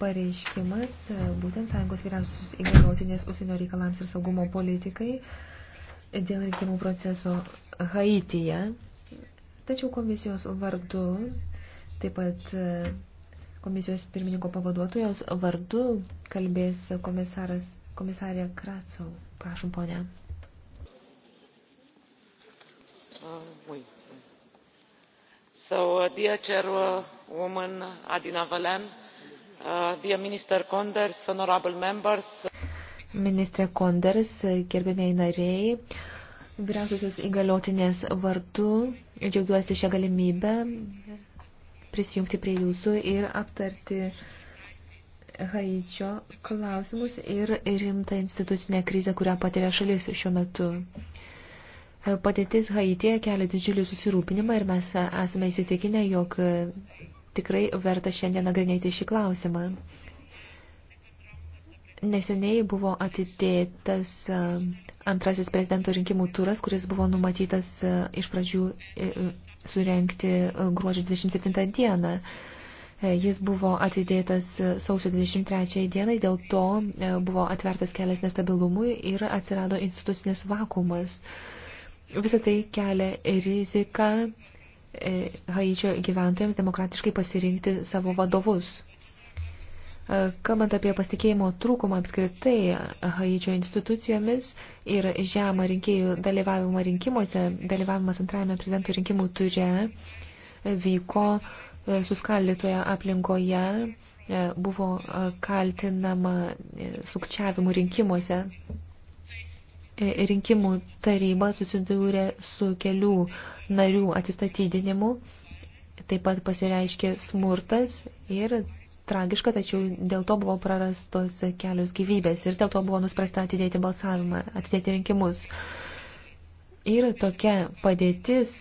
pareiškimas e, būtent Sąjungos vyriausios įgaliotinės užsienio reikalams ir saugumo politikai dėl rinkimų proceso Haityje. Tačiau komisijos vardu, taip pat e, komisijos pirmininko pavaduotojos vardu kalbės komisaras, komisarė Kracau. Prašom, ponia. Uh, so, uh, dear chairwoman Adina Valen, Uh, dear Minister Konders, honorable members. Ministrė Konders, gerbėmiai nariai, vyriausiosios įgaliotinės vardu, džiaugiuosi šią galimybę prisijungti prie jūsų ir aptarti Haičio klausimus ir rimtą institucinę krizę, kurią patiria šalis šiuo metu. Padėtis Haityje kelia didžiulį susirūpinimą ir mes esame įsitikinę, jog tikrai verta šiandien nagrinėti šį klausimą. Neseniai buvo atidėtas e, antrasis prezidento rinkimų turas, kuris buvo numatytas e, iš pradžių e, surenkti gruodžio 27 dieną. Jis buvo atidėtas sausio 23 dienai, dėl to buvo atvertas kelias nestabilumui ir atsirado institucinis vakumas. Visą tai kelia riziką E, Haičio gyventojams demokratiškai pasirinkti savo vadovus. E, kalbant apie pasitikėjimo trūkumą apskritai Haičio institucijomis ir žemą rinkėjų dalyvavimą rinkimuose, dalyvavimas antrajame prezidentų rinkimų ture e, vyko suskaldytoje aplinkoje, buvo kaltinama sukčiavimu rinkimuose rinkimų taryba susidūrė su kelių narių atsistatydinimu, taip pat pasireiškė smurtas ir tragiška, tačiau dėl to buvo prarastos kelios gyvybės ir dėl to buvo nuspręsta atidėti balsavimą, atidėti rinkimus. Ir tokia padėtis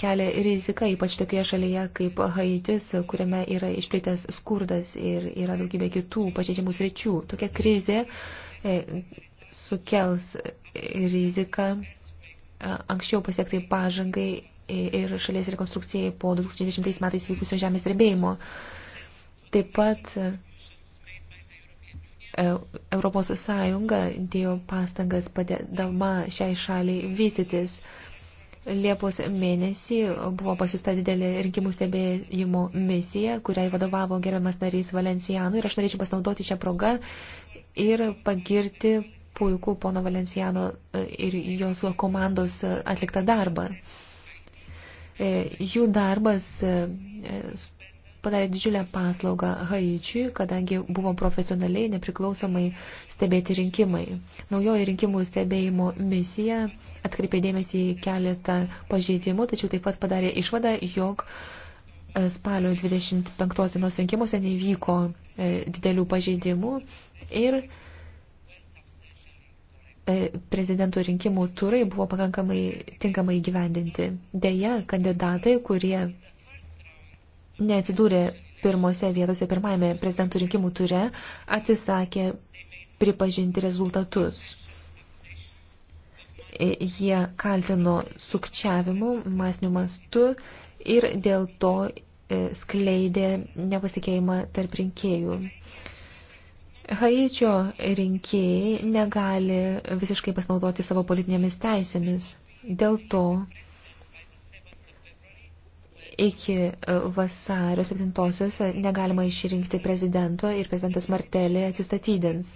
kelia riziką, ypač tokioje šalyje kaip Haitis, kuriame yra išplitęs skurdas ir yra daugybė kitų pažeidžiamų sričių. Tokia krizė e, sukels riziką anksčiau pasiektai pažangai ir šalies rekonstrukcijai po 2010 metais vykusio žemės drebėjimo. Taip pat e, Europos Sąjunga dėjo pastangas padėdama šiai šaliai vystytis. Liepos mėnesį buvo pasiusta didelė rinkimų stebėjimo misija, kuriai vadovavo gerbiamas narys Valencijanu ir aš norėčiau pasinaudoti šią progą ir pagirti puikų pono Valenciano e, ir jos komandos e, atliktą darbą. E, jų darbas padarė didžiulę paslaugą Haičiui, kadangi buvo profesionaliai nepriklausomai stebėti rinkimai. Naujoji rinkimų stebėjimo misija atkreipė dėmesį į keletą pažeidimų, tačiau taip pat padarė išvadą, jog spalio 25 dienos rinkimuose nevyko didelių pažeidimų ir E, prezidento rinkimų turai buvo pakankamai tinkamai gyvendinti. Deja, kandidatai, kurie neatsidūrė pirmose vietose pirmajame prezidentų rinkimų ture, atsisakė pripažinti rezultatus. E, jie kaltino sukčiavimu masnių mastu ir dėl to e, skleidė nepasikeimą tarp rinkėjų. Haičio rinkėjai negali visiškai pasinaudoti savo politinėmis teisėmis. Dėl to iki e, vasario 7 negalima išrinkti prezidento ir prezidentas Martelė atsistatydins.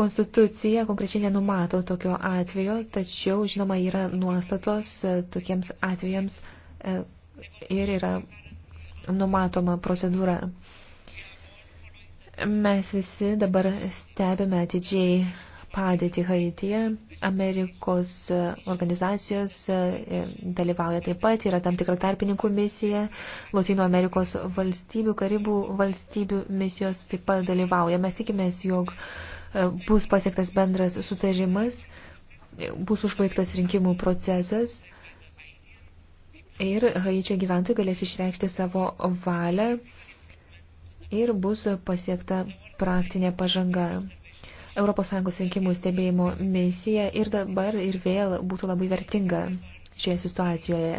Konstitucija konkrečiai nenumato tokio atvejo, tačiau, žinoma, yra nuostatos e, tokiems atvejams e, ir yra numatoma procedūra. Mes visi dabar stebime atidžiai padėtį Haityje. Amerikos organizacijos e, dalyvauja taip pat, yra tam tikra tarpininkų misija, Latino Amerikos valstybių, Karibų valstybių misijos taip pat dalyvauja. Mes tikimės, jog e, bus pasiektas bendras sutarimas, e, bus užbaigtas rinkimų procesas ir Haičio gyventojai galės išreikšti savo valią ir bus pasiekta praktinė pažanga. ES rinkimų stebėjimo misija ir dabar ir vėl būtų labai vertinga šioje situacijoje.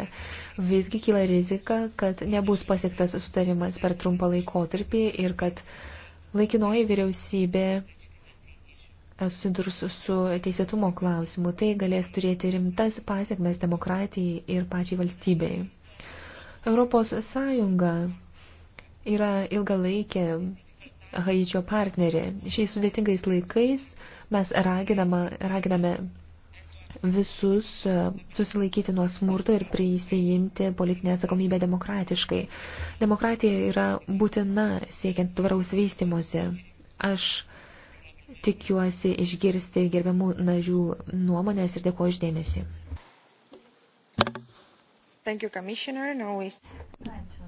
Visgi kyla rizika, kad nebus pasiektas sutarimas per trumpą laikotarpį ir kad laikinoji vyriausybė susidurs su teisėtumo klausimu. Tai galės turėti rimtas pasiekmes demokratijai ir pačiai valstybei. Europos Sąjunga yra ilgalaikė Haičio partnerė. Šiais sudėtingais laikais mes raginama, raginame visus e, susilaikyti nuo smurto ir prisijimti politinę atsakomybę demokratiškai. Demokratija yra būtina siekiant tvaraus vystimosi. Aš tikiuosi išgirsti gerbiamų narių nuomonės ir dėkuoju išdėmesi. Thank you, Commissioner. Now we... Ačiū.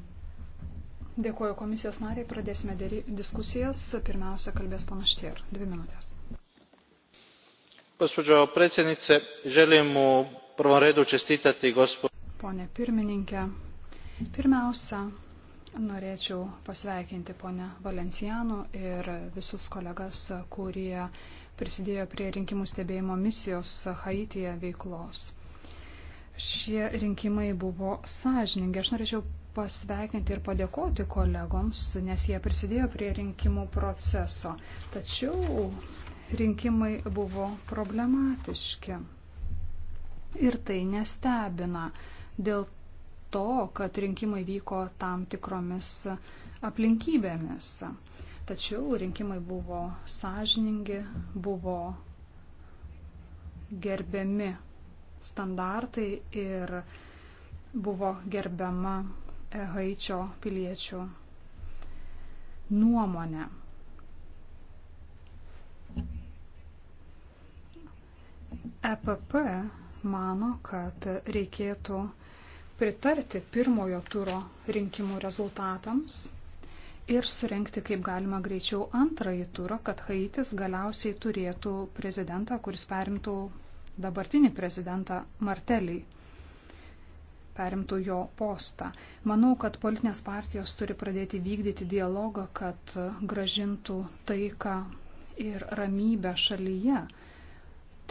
Dėkuoju komisijos nariai, pradėsime diskusijas. Pirmiausia, kalbės panaštier. Dvi minutės. Gospođo predsjednice, želim u prvom redu čestitati gospodinu. Pone pirmininkė, pirmiausia, norėčiau pasveikinti ponę Valencijanų ir visus kolegas, kurie prisidėjo prie rinkimų stebėjimo misijos Haityje veiklos. Šie rinkimai buvo sąžiningi. Aš norėčiau pasveikinti ir padėkoti kolegoms, nes jie prisidėjo prie rinkimų proceso. Tačiau rinkimai buvo problematiški. Ir tai nestebina dėl to, kad rinkimai vyko tam tikromis aplinkybėmis. Tačiau rinkimai buvo sąžiningi, buvo gerbiami standartai ir buvo gerbiama Haičio piliečių nuomonę. EPP mano, kad reikėtų pritarti pirmojo turo rinkimų rezultatams ir surenkti kaip galima greičiau antrąjį turą, kad Haitis galiausiai turėtų prezidentą, kuris perimtų dabartinį prezidentą Martelį perimtų jo postą. Manau, kad politinės partijos turi pradėti vykdyti dialogą, kad gražintų taiką ir ramybę šalyje.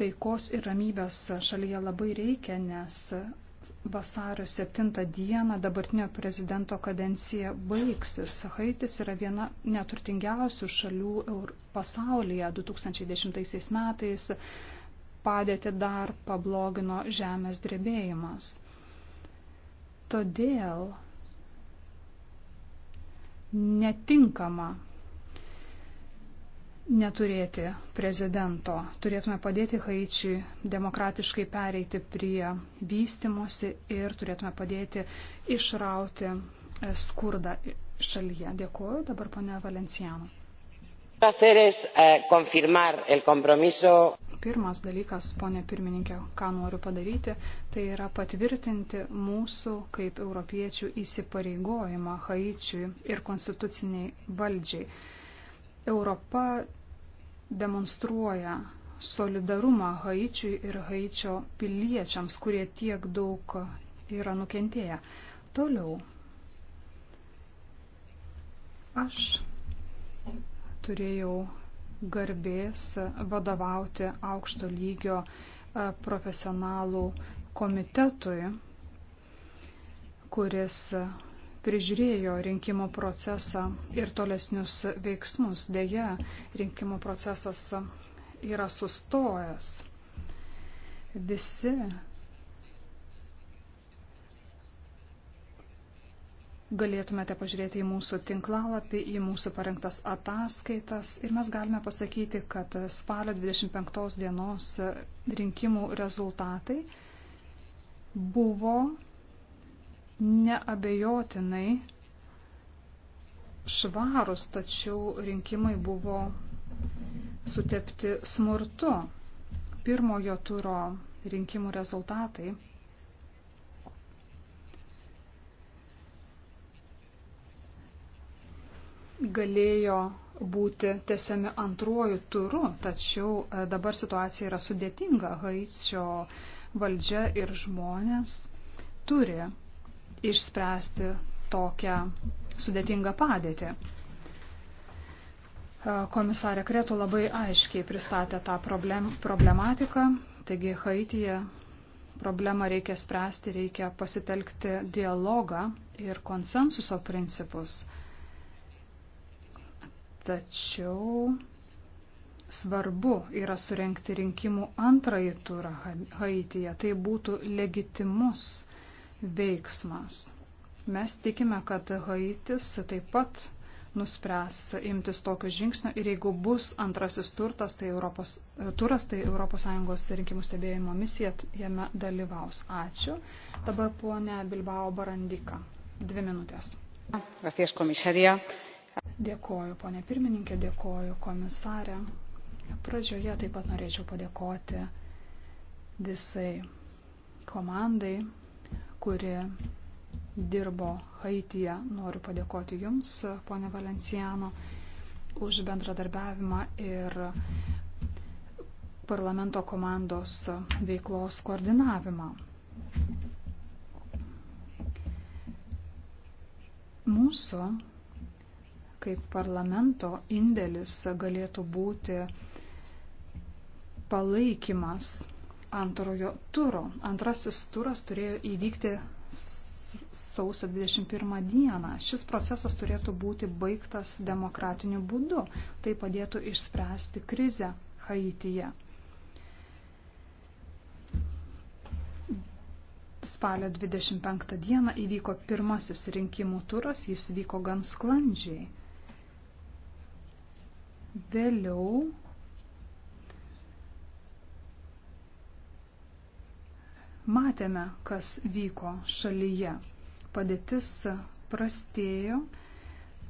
Taikos ir ramybės šalyje labai reikia, nes vasario 7 dieną dabartinio prezidento kadencija baigsis. Haitis yra viena neturtingiausių šalių pasaulyje 2010 metais padėti dar pablogino žemės drebėjimas. Todėl netinkama neturėti prezidento. Turėtume padėti Haičiui demokratiškai pereiti prie vystimosi ir turėtume padėti išrauti skurdą šalyje. Dėkuoju dabar pone Valenciano. Pirmas dalykas, ponė pirmininkė, ką noriu padaryti, tai yra patvirtinti mūsų kaip europiečių įsipareigojimą Haičiui ir konstituciniai valdžiai. Europa demonstruoja solidarumą Haičiui ir Haičio piliečiams, kurie tiek daug yra nukentėję. Toliau. Aš turėjau garbės vadovauti aukšto lygio e, profesionalų komitetui, kuris prižiūrėjo rinkimų procesą ir tolesnius veiksmus. Deja, rinkimų procesas yra sustojęs. Visi galėtumėte pažiūrėti į mūsų tinklalapį, į mūsų parengtas ataskaitas ir mes galime pasakyti, kad spalio 25 dienos rinkimų rezultatai buvo neabejotinai švarus, tačiau rinkimai buvo sutepti smurtu. Pirmojo turo rinkimų rezultatai galėjo būti tesiami antruoju turu, tačiau e, dabar situacija yra sudėtinga. Haičio valdžia ir žmonės turi išspręsti tokią sudėtingą padėtį. E, komisarė Kretų labai aiškiai pristatė tą problem, problematiką, taigi Haityje problemą reikia spręsti, reikia pasitelkti dialogą ir konsensuso principus. Tačiau svarbu yra surenkti rinkimų antrąjį turą Haityje. Tai būtų legitimus veiksmas. Mes tikime, kad Haitis taip pat nuspręs imtis tokio žingsnio ir jeigu bus antrasis turtas, tai Europos, turas, tai ES rinkimų stebėjimo misija jame dalyvaus. Ačiū. Dabar ponė Bilbao Barandika. Dvi minutės. Gracias, komisarija. Dėkoju, ponė pirmininkė, dėkoju, komisarė. Pradžioje taip pat norėčiau padėkoti visai komandai, kuri dirbo Haityje. Noriu padėkoti Jums, ponė Valenciano, už bendradarbiavimą ir parlamento komandos veiklos koordinavimą. Mūsų kaip parlamento indėlis galėtų būti palaikymas antrojo turo. Antrasis turas turėjo įvykti sausio 21 dieną. Šis procesas turėtų būti baigtas demokratiniu būdu. Tai padėtų išspręsti krizę Haityje. Spalio 25 dieną įvyko pirmasis rinkimų turas, jis vyko gan sklandžiai vėliau matėme, kas vyko šalyje. Padėtis prastėjo,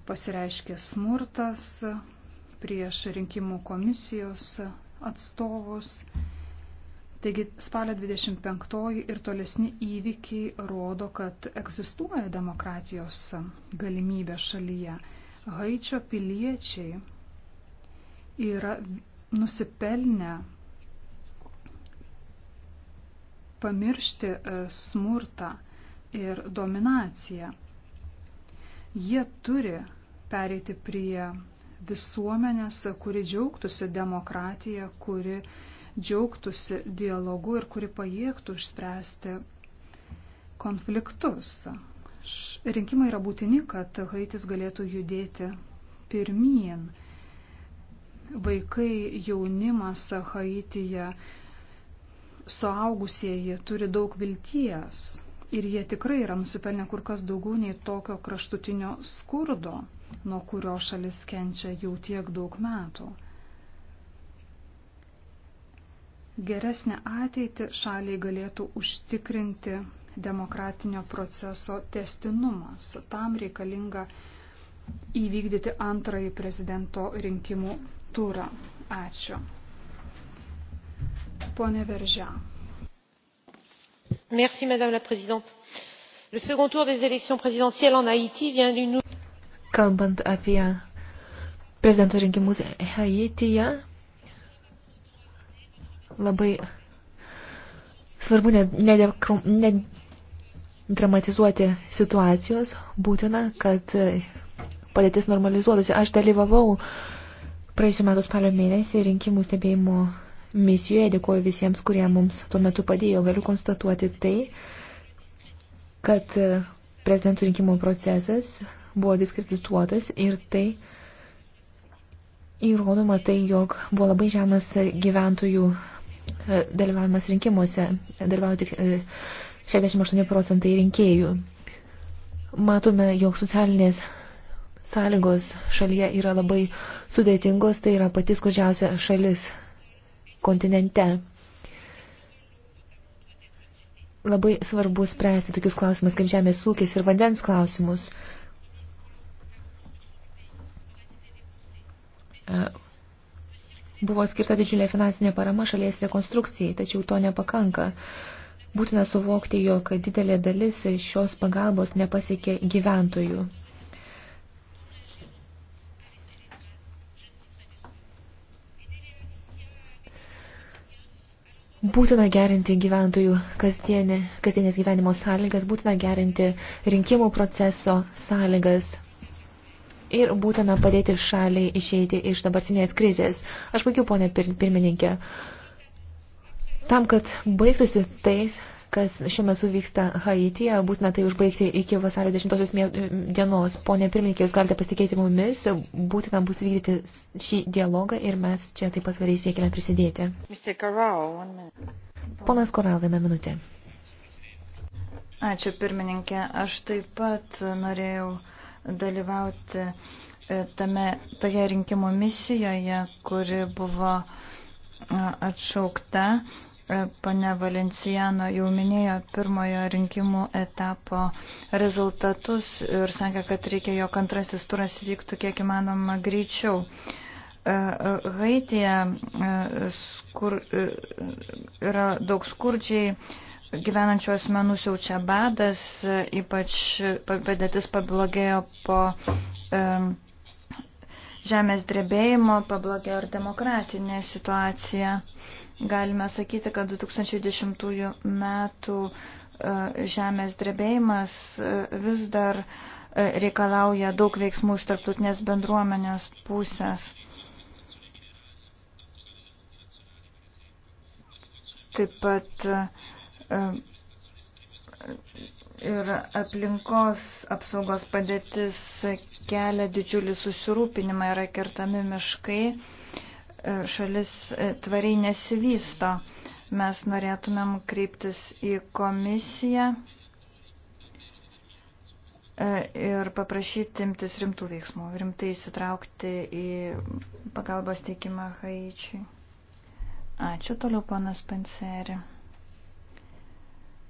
pasireiškė smurtas prieš rinkimų komisijos atstovus. Taigi spalio 25 ir tolesni įvykiai rodo, kad egzistuoja demokratijos galimybė šalyje. Haičio piliečiai yra nusipelnę pamiršti e, smurtą ir dominaciją. Jie turi pereiti prie visuomenės, kuri džiaugtųsi demokratija, kuri džiaugtųsi dialogu ir kuri pajėgtų išspręsti konfliktus. Rinkimai yra būtini, kad Haitis galėtų judėti pirmyn vaikai, jaunimas Haityje, suaugusieji turi daug vilties ir jie tikrai yra nusipelnę kur kas daugiau nei tokio kraštutinio skurdo, nuo kurio šalis kenčia jau tiek daug metų. Geresnę ateitį šaliai galėtų užtikrinti demokratinio proceso testinumas. Tam reikalinga įvykdyti antrąjį prezidento rinkimų turą. Ačiū. Pone Veržia. Merci, Madame la Présidente. Le second tour des élections présidentielles en Haïti vient d'une. Kalbant apie prezidento rinkimus Haityje, labai svarbu nedramatizuoti ne, ne situacijos, būtina, kad padėtis normalizuotųsi. Aš dalyvavau uh, Praėjusiu metu spalio mėnesį rinkimų stebėjimo misijoje dėkoju visiems, kurie mums tuo metu padėjo. Galiu konstatuoti tai, kad e, prezidentų rinkimų procesas buvo diskredituotas ir tai įrodoma tai, jog buvo labai žemas gyventojų e, dalyvavimas rinkimuose, dalyvauja tik 68 e, procentai rinkėjų. Matome, jog socialinės sąlygos šalyje yra labai sudėtingos, tai yra patys skurdžiausia šalis kontinente. Labai svarbu spręsti tokius klausimus kaip žemės ūkis ir vandens klausimus. Buvo skirta didžiulė finansinė parama šalies rekonstrukcijai, tačiau to nepakanka. Būtina suvokti, jog didelė dalis šios pagalbos nepasiekė gyventojų. Būtina gerinti gyventojų kasdienį, kasdienės gyvenimo sąlygas, būtina gerinti rinkimų proceso sąlygas ir būtina padėti šaliai išeiti iš dabartinės krizės. Aš baigiu, ponė pirmininkė. Tam, kad baigtųsi tais kas šiuo metu vyksta Haityje, būtina tai užbaigti iki vasario 10 dienos. Pone pirmininkė, jūs galite pasitikėti mumis, būtina bus vykdyti šį dialogą ir mes čia taip pat svariai siekime prisidėti. Ponas Koral, vieną minutę. Ačiū pirmininkė. Aš taip pat norėjau dalyvauti e, tame, toje rinkimų misijoje, kuri buvo atšaukta. E, Pane Valenciano jau minėjo pirmojo rinkimų etapo rezultatus ir sakė, kad reikia, jog antrasis turas vyktų kiek įmanoma greičiau. E, e, Haitija, skur, yra daug skurdžiai gyvenančių asmenų siaučia badas, ypač padėtis pablogėjo po žemės drebėjimo, pablogėjo ir demokratinė situacija. Galime sakyti, kad 2010 metų e, žemės drebėjimas e, vis dar e, reikalauja daug veiksmų iš tarptautinės bendruomenės pusės. Taip pat ir aplinkos apsaugos padėtis kelia didžiulį susirūpinimą, yra kertami miškai šalis e, tvariai nesivysto. Mes norėtumėm kreiptis į komisiją e, ir paprašyti imtis rimtų veiksmų, rimtai įsitraukti į pagalbos teikimą Haičiui. Ačiū toliau, panas Panseri.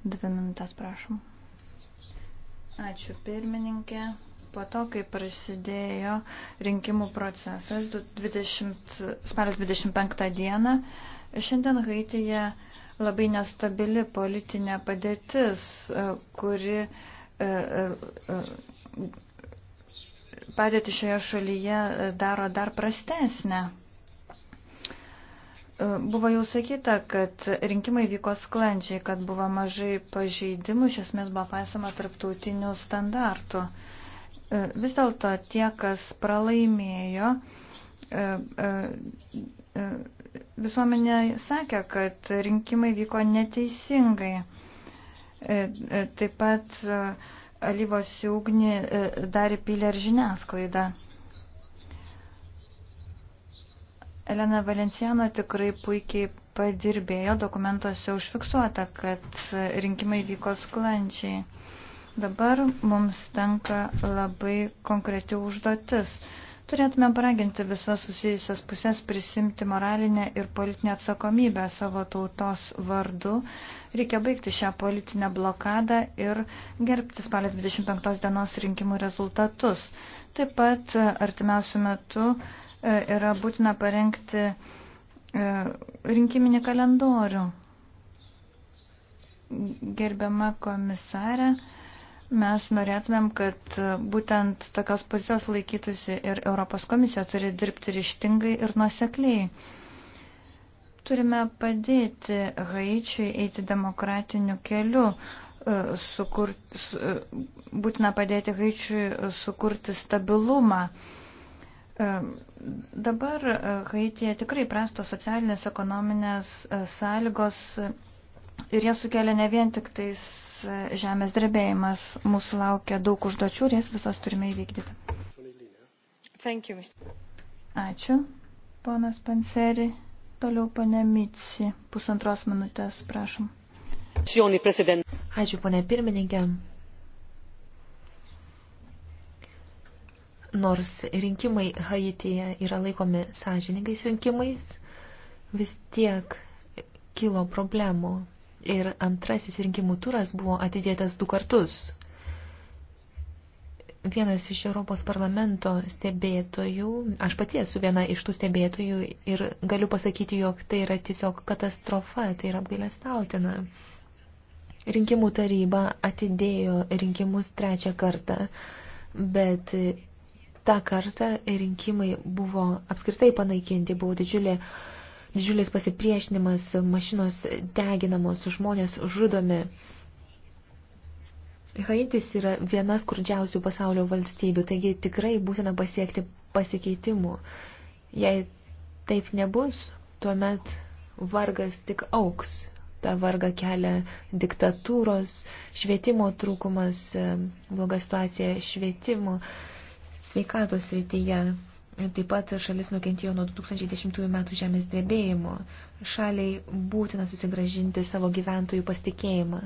Dvi minutės, prašom. Ačiū pirmininkė po to, kai prasidėjo rinkimų procesas 20, spalio 25 dieną, šiandien Haityje labai nestabili politinė padėtis, e, kuri e, e, padėti šioje šalyje daro dar prastesnę. Buvo jau sakyta, kad rinkimai vyko sklandžiai, kad buvo mažai pažeidimų, iš esmės buvo paisama tarptautinių standartų. Uh, E, vis dėlto tie, kas pralaimėjo, e, e, visuomenė sakė, kad rinkimai vyko neteisingai. Taip pat alyvos į ugnį dar įpylė ir žiniasklaida. Elena Valenciano tikrai puikiai padirbėjo, dokumentuose užfiksuota, kad rinkimai vyko sklandžiai. Dabar mums tenka labai konkreti užduotis. Turėtume paraginti visas susijusias pusės prisimti moralinę ir politinę atsakomybę savo tautos vardu. Reikia baigti šią politinę blokadą ir gerbti spalio 25 dienos rinkimų rezultatus. Taip pat e, artimiausių metų e, yra būtina parengti e, rinkiminį kalendorių. Gerbiama komisarė. Mes norėtumėm, kad e, būtent tokios pozicijos laikytųsi ir Europos komisija turi dirbti ryštingai ir nusekliai. Turime padėti Haičiui eiti demokratiniu keliu, e, sukur, su, e, būtina padėti Haičiui sukurti stabilumą. Dabar Haitėje tikrai prastos socialinės, ekonominės sąlygos ir jie sukelia ne vien tik tais e, žemės drebėjimas. Mūsų laukia daug užduočių ir jas visas turime įvykdyti. Thank you, Mr. Ačiū, ponas Panseri. Toliau pane Mitsi, pusantros minutės, prašom. Ačiū, ponė pirmininkė. Nors rinkimai Haityje yra laikomi sąžiningais rinkimais, vis tiek kilo problemų ir antrasis rinkimų turas buvo atidėtas du kartus. Vienas iš Europos parlamento stebėtojų, aš pati esu viena iš tų stebėtojų ir galiu pasakyti, jog tai yra tiesiog katastrofa, tai yra apgailestautina. Rinkimų taryba atidėjo rinkimus trečią kartą, bet tą kartą rinkimai buvo apskritai panaikinti, buvo didžiulė uh, didžiulis pasipriešinimas, mašinos deginamos, žmonės žudomi. Haitis yra viena skurdžiausių pasaulio valstybių, taigi tikrai būtina pasiekti pasikeitimų. Jei taip nebus, tuomet vargas tik auks. Ta varga kelia diktatūros, švietimo trūkumas, bloga situacija švietimo, sveikatos rytyje. Taip pat šalis nukentėjo nuo 2010 metų žemės drebėjimo. Šaliai būtina susigražinti savo gyventojų pasitikėjimą.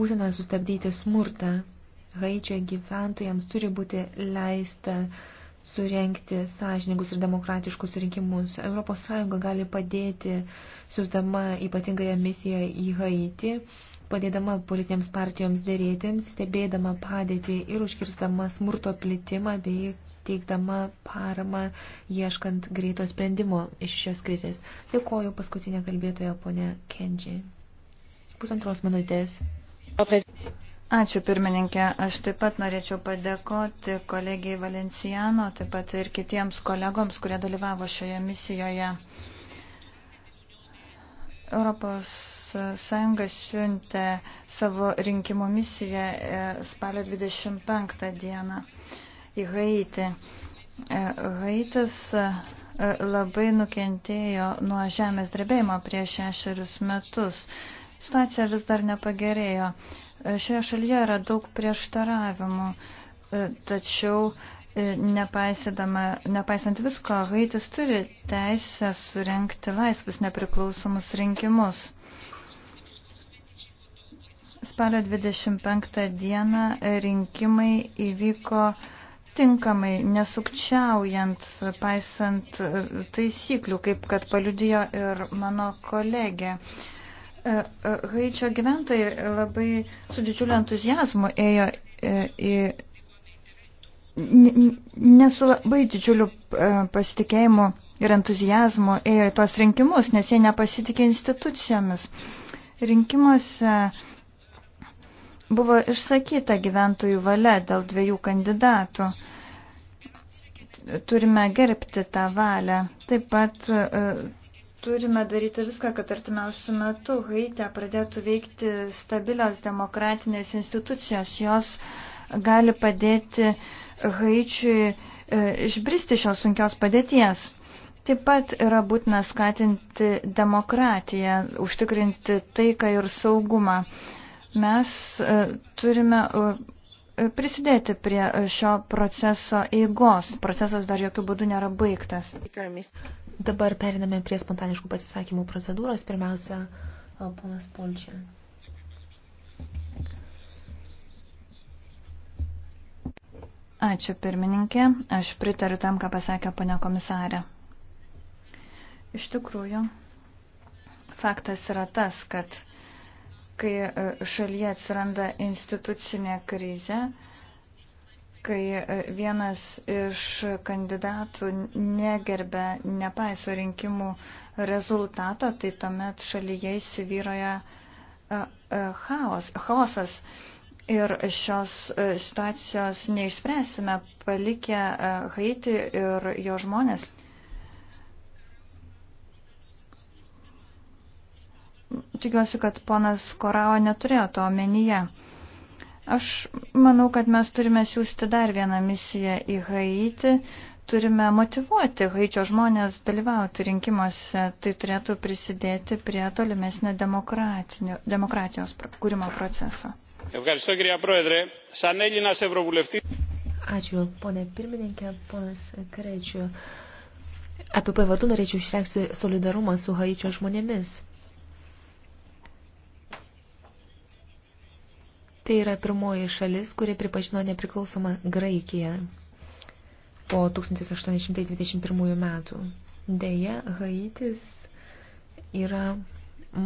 Būtina sustabdyti smurtą. Haičio gyventojams turi būti leista surenkti sąžiningus ir demokratiškus rinkimus. ES gali padėti, siūsdama ypatingąją misiją į Haitį, padėdama politinėms partijoms dėrėtėms, stebėdama padėtį ir užkirstama smurto plitimą bei teikdama paramą ieškant greito sprendimo iš šios krizės. Dėkoju paskutinę kalbėtoją, ponė Kenji. Pusantros minutės. Ačiū pirmininkė. Aš taip pat norėčiau padėkoti kolegijai Valenciano, taip pat ir kitiems kolegoms, kurie dalyvavo šioje misijoje. Europos Sąjunga siuntė savo rinkimų misiją e, spalio 25 dieną į Haitį. E, Haitis e, labai nukentėjo nuo žemės drebėjimo prieš šešerius metus. Situacija vis dar nepagerėjo. E, šioje šalyje yra daug prieštaravimų, tačiau nepaisant visko, Haitis turi teisę surenkti laisvus nepriklausomus rinkimus. Spalio 25 dieną rinkimai įvyko uh, tinkamai, nesukčiaujant, paisant e, taisyklių, kaip kad paliudijo ir mano kolegė. E, e, Haičio gyventojai labai su didžiuliu entuzijazmu ėjo į. Nesu labai didžiuliu pasitikėjimu ir entuzijazmu ėjo į tuos rinkimus, nes jie nepasitikė institucijomis. Rinkimuose Buvo išsakyta gyventojų valia dėl dviejų kandidatų. Turime gerbti tą valią. Taip pat e, turime daryti viską, kad artimiausių metų Haitė pradėtų veikti stabilios demokratinės institucijos. Jos gali padėti Haičiui e, išbristi šios sunkios padėties. Taip pat yra būtina skatinti demokratiją, užtikrinti taiką ir saugumą. Mes e, turime e, prisidėti prie e, šio proceso eigos. Procesas dar jokių būdų nėra baigtas. Dabar periname prie spontaniškų pasisakymų procedūros. Pirmiausia, ponas Polčia. Ačiū pirmininkė. Aš pritariu tam, ką pasakė ponia komisarė. Iš tikrųjų, faktas yra tas, kad kai e, šalyje atsiranda institucinė krizė, kai e, vienas iš kandidatų negerbė, nepaiso rinkimų rezultatą, tai tuomet šalyje įsivyroja e, chaos, chaosas. Ir šios situacijos neišspręsime palikę Haiti ir jo žmonės Tikiuosi, kad ponas Korao neturėjo to omenyje. Aš manau, kad mes turime siūsti dar vieną misiją į Haitį, turime motivuoti Haičio žmonės dalyvauti rinkimuose, tai turėtų prisidėti prie tolimesnio demokratijos kūrimo proceso. Ačiū, ponė pirmininkė, ponas Karečiu. Apie pavadų norėčiau išreikšti solidarumą su Haičio žmonėmis. Tai yra pirmoji šalis, kuri pripažino nepriklausomą Graikiją po 1821 metų. Deja, Haitis yra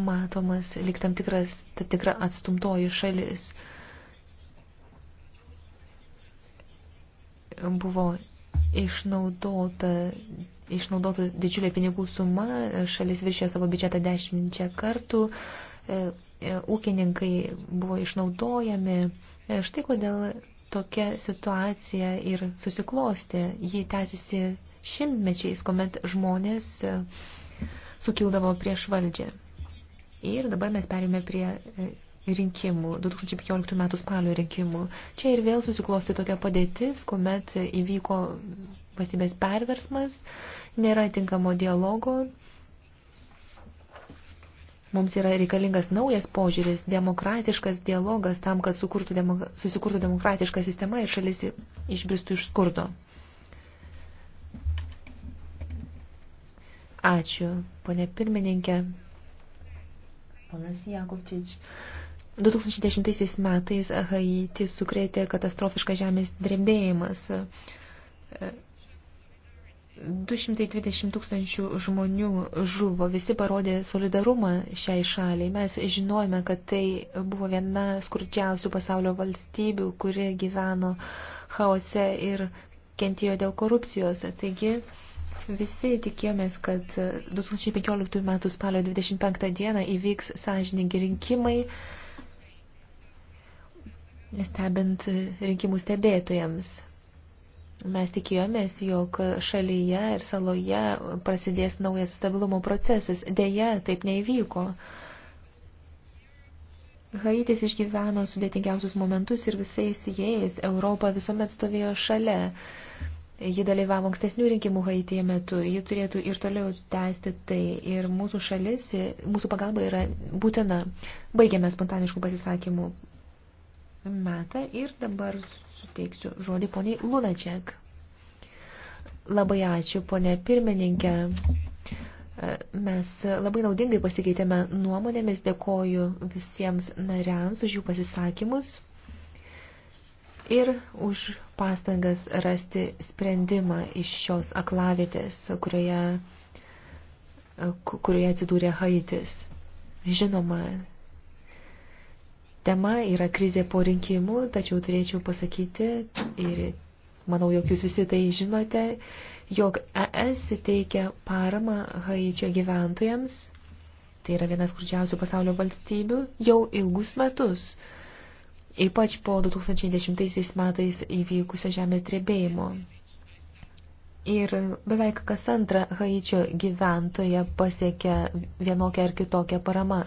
matomas lyg tam tikras, tam tikra atstumtoji šalis. Buvo išnaudota, išnaudota didžiulė pinigų suma, šalis viršė savo biudžetą dešimčia kartų, e, E, ūkininkai buvo išnaudojami. E, štai kodėl tokia situacija ir susiklosti. Ji tęsiasi šimtmečiais, kuomet žmonės e, sukildavo prieš valdžią. Ir dabar mes perėmė prie rinkimų, 2015 metų spalio rinkimų. Čia ir vėl susiklosti tokia padėtis, kuomet įvyko valstybės perversmas, nėra tinkamo dialogo, Mums yra reikalingas naujas požiūris, demokratiškas dialogas tam, kad sukurtų demok susikurtų demokratiška sistema ir šalis išbristų iš skurdo. Ačiū, ponė pirmininkė. Ponas Jakovčič. 2010 metais Haiti sukrėtė katastrofišką žemės drebėjimas 220 tūkstančių žmonių žuvo, visi parodė solidarumą šiai šaliai. Mes žinojame, kad tai buvo viena skurdžiausių pasaulio valstybių, kuri gyveno chaose ir kentėjo dėl korupcijos. Taigi visi tikėjomės, kad 2015 m. spalio 25 dieną įvyks sąžiningi rinkimai, stebint rinkimų stebėtojams. Mes tikėjomės, jog šalyje ir saloje prasidės naujas stabilumo procesas. Deja, taip neįvyko. Haitis išgyveno sudėtingiausius momentus ir visais jais Europa visuomet stovėjo šalia. Ji dalyvavo ankstesnių rinkimų Haityje metu, ji turėtų ir toliau tęsti tai ir mūsų šalis, mūsų pagalba yra būtina. Baigėme spontaniškų pasisakymų metą ir dabar suteiksiu žodį poniai Lunačiak. Labai ačiū, ponė pirmininkė. E, mes labai naudingai pasikeitėme nuomonėmis, dėkoju visiems nariams už jų pasisakymus ir už pastangas rasti sprendimą iš šios aklavietės, kurioje, e, kurioje atsidūrė Haitis. Žinoma, tema yra krizė po rinkimų, tačiau turėčiau pasakyti ir manau, jog jūs visi tai žinote, jog ES teikia paramą Haičio gyventojams, tai yra vienas skurdžiausių pasaulio valstybių, jau ilgus metus, ypač po 2010 metais įvykusio žemės drebėjimo. Ir beveik kas antrą Haičio gyventoje pasiekia vienokią ar kitokią paramą.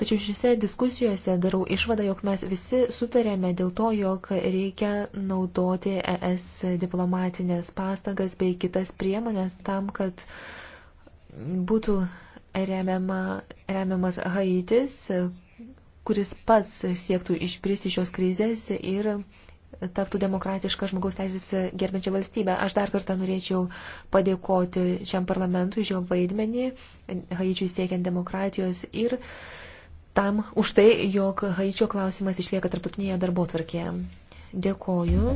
Tačiau šiuose diskusijose darau išvadą, jog mes visi sutarėme dėl to, jog reikia naudoti ES diplomatinės pastangas bei kitas priemonės tam, kad būtų remiama, remiamas Haitis, kuris pats siektų išpristi šios krizės ir taptų demokratišką žmogaus teisės gerbiančią valstybę. Aš dar kartą norėčiau padėkoti šiam parlamentui, jo vaidmenį, Haičiui siekiant demokratijos ir uh, tam už tai, jog Haičio klausimas išlieka tarptautinėje darbo tvarkėje. Dėkoju.